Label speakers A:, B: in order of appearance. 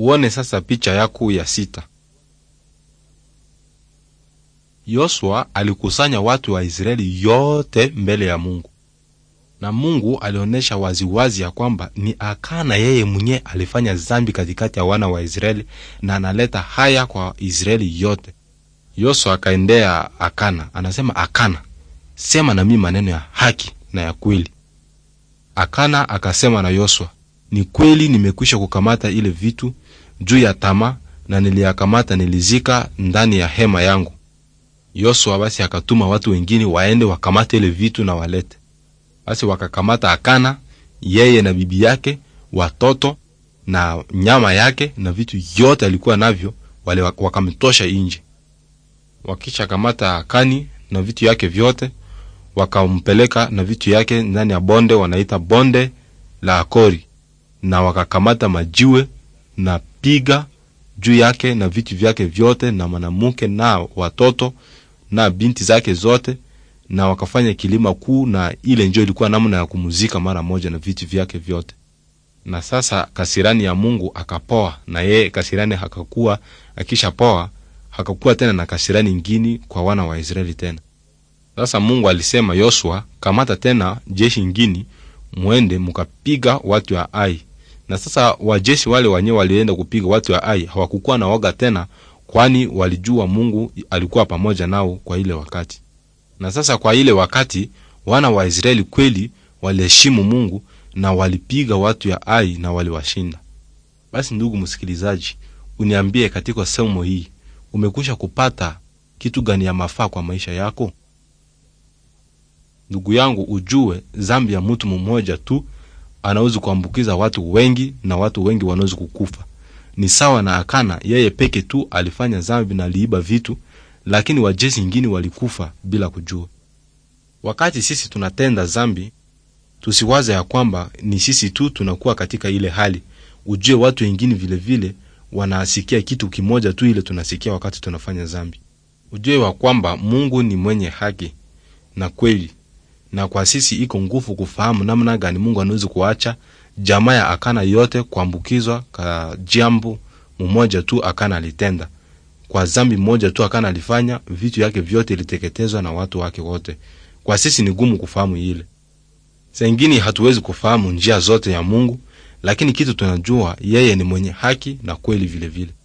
A: Uone sasa picha yako ya sita. Yoshua alikusanya watu wa Israeli yote mbele ya Mungu, na Mungu alionyesha waziwazi ya kwamba ni Akana yeye mwenye alifanya zambi katikati ya wana wa Israeli na analeta haya kwa Israeli yote. Yoshua akaendea Akana, anasema, Akana, sema na mimi maneno ya haki na ya kweli. Akana akasema na Yoshua, ni kweli nimekwisha kukamata ile vitu juu ya tamaa, na niliyakamata nilizika ndani ya hema yangu. Yosua basi akatuma watu wengine waende wakamate ile vitu na walete. Basi wakakamata Akana, yeye na bibi yake, watoto na nyama yake na vitu yote alikuwa navyo, wale wakamtosha nje. Wakisha kamata Akani na vitu yake vyote, wakampeleka na vitu yake ndani ya bonde wanaita bonde la Akori na wakakamata majiwe na piga juu yake na vitu vyake vyote, na mwanamke na watoto na binti zake zote, na wakafanya kilima kuu, na ile njo ilikuwa namna ya kumuzika mara moja na vitu vyake vyote. Na sasa kasirani ya Mungu akapoa, na yeye kasirani hakakuwa, akisha poa hakakuwa tena na kasirani ngini kwa wana wa Israeli tena. Sasa Mungu alisema Yosua, kamata tena jeshi ngini, mwende mukapiga watu ya Ai na sasa wajeshi wale wanyewe walienda kupiga watu wa Ai, hawakukuwa na woga tena, kwani walijua Mungu alikuwa pamoja nao kwa ile wakati. Na sasa kwa ile wakati wana wa Israeli kweli waliheshimu Mungu na walipiga watu ya Ai na waliwashinda. Basi ndugu msikilizaji, uniambie katika somo hii umekwisha kupata kitu gani ya mafaa kwa maisha yako? Ndugu yangu, ujue zambi ya mtu mmoja tu anaweza kuambukiza watu wengi na watu wengi wanaweza kukufa. Ni sawa na Akana, yeye peke tu alifanya zambi na aliiba vitu, lakini wajezi wengine walikufa bila kujua. Wakati sisi tunatenda zambi, tusiwaze ya kwamba ni sisi tu tunakuwa katika ile hali. Ujue watu wengine vilevile wanasikia kitu kimoja tu ile tunasikia wakati tunafanya zambi. Ujue wa kwamba Mungu ni mwenye haki na kweli na kwa sisi iko nguvu kufahamu namna gani Mungu anawezi kuacha jamaa ya Akana yote kuambukizwa ka jambo mmoja tu Akana alitenda, kwa zambi moja tu Akana alifanya, vitu yake vyote iliteketezwa na watu wake wote. Kwa sisi ni gumu kufahamu ile. sengini hatuwezi kufahamu njia zote ya Mungu, lakini kitu tunajua yeye ni mwenye haki na kweli vilevile vile.